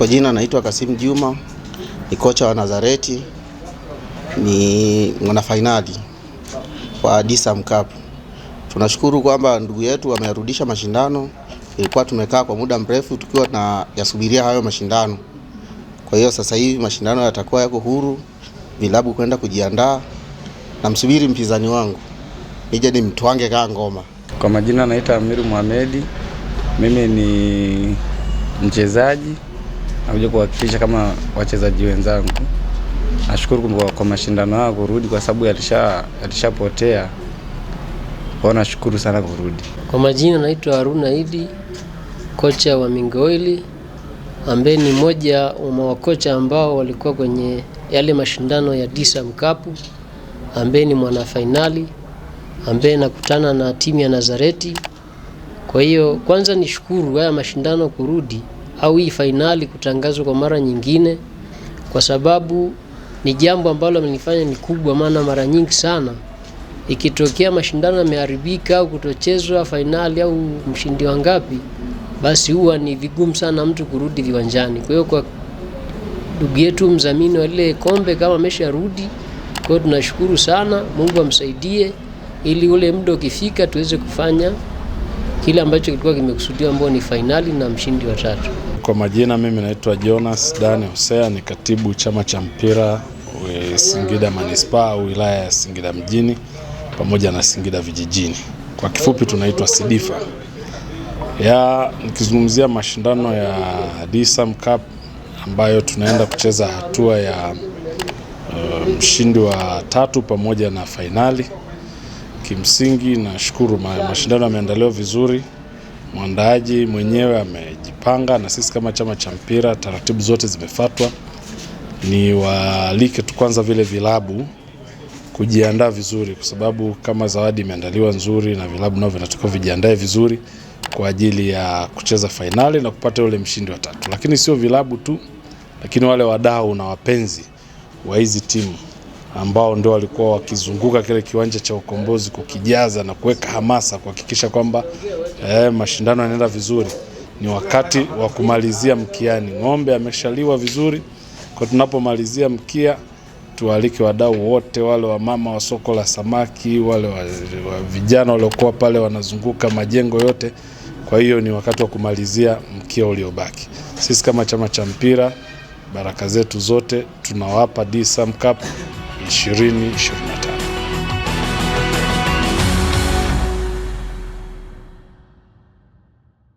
Kwa jina naitwa Kasim Juma, ni kocha wa Nazareti, ni mwanafainali wa Disam Cup. Tunashukuru kwamba ndugu yetu wamerudisha mashindano, ilikuwa tumekaa kwa muda mrefu tukiwa na yasubiria hayo mashindano. Kwa hiyo sasa hivi mashindano yatakuwa yako huru, vilabu kwenda kujiandaa. Namsubiri mpinzani wangu nije nimtwange kaa ngoma. Kwa majina naitwa Amiru Muhamedi, mimi ni mchezaji nakuja kuhakikisha kama wachezaji wenzangu. Nashukuru kwa, kwa mashindano hayo kurudi, kwa sababu yalisha yalishapotea kwao. Nashukuru sana kurudi. Kwa majina naitwa Haruna Idi, kocha wa mingoili Oil ambaye ni mmoja wa mawakocha ambao walikuwa kwenye yale mashindano ya disa Cup, ambaye ni mwana fainali ambaye nakutana na timu ya Nazareti. Kwa hiyo kwanza nishukuru haya mashindano kurudi au hii fainali kutangazwa kwa mara nyingine, kwa sababu ni jambo ambalo amenifanya ni kubwa, maana mara nyingi sana ikitokea mashindano yameharibika au kutochezwa fainali au mshindi wa ngapi, basi huwa ni vigumu sana mtu kurudi viwanjani. Kwa hiyo kwa ndugu yetu mzamini wa ile kombe kama amesharudi, kwa hiyo tunashukuru sana, Mungu amsaidie ili ule muda ukifika tuweze kufanya kile ambacho kilikuwa kimekusudiwa, ambao ni fainali na mshindi wa tatu. Kwa majina mimi naitwa Jonas Dani Hosea, ni katibu chama cha mpira Singida Manispaa, wilaya ya Singida mjini pamoja na Singida vijijini, kwa kifupi tunaitwa Sidifa. Ya nikizungumzia mashindano ya DSAM Cup ambayo tunaenda kucheza hatua ya uh, mshindi um, wa tatu pamoja na fainali. Kimsingi nashukuru mashindano yameandaliwa vizuri mwandaji mwenyewe amejipanga, na sisi kama chama cha mpira taratibu zote zimefuatwa. Ni waalike tu kwanza vile vilabu kujiandaa vizuri, kwa sababu kama zawadi imeandaliwa nzuri na vilabu nao vinatakiwa vijiandae vizuri kwa ajili ya kucheza fainali na kupata yule mshindi wa tatu, lakini sio vilabu tu, lakini wale wadau na wapenzi wa hizi timu ambao ndio walikuwa wakizunguka kile kiwanja cha Ukombozi kukijaza na kuweka hamasa kuhakikisha kwamba eh, mashindano yanaenda vizuri. Ni wakati wa kumalizia mkiani, ng'ombe ameshaliwa vizuri, kwa tunapomalizia mkia tualike wadau wote wale wa mama wa soko la samaki, wale wa, wa vijana waliokuwa pale wanazunguka majengo yote. Kwa hiyo ni wakati wa kumalizia mkia uliobaki. Sisi kama chama cha mpira baraka zetu zote tunawapa DSM Cup Shirini Sharmata.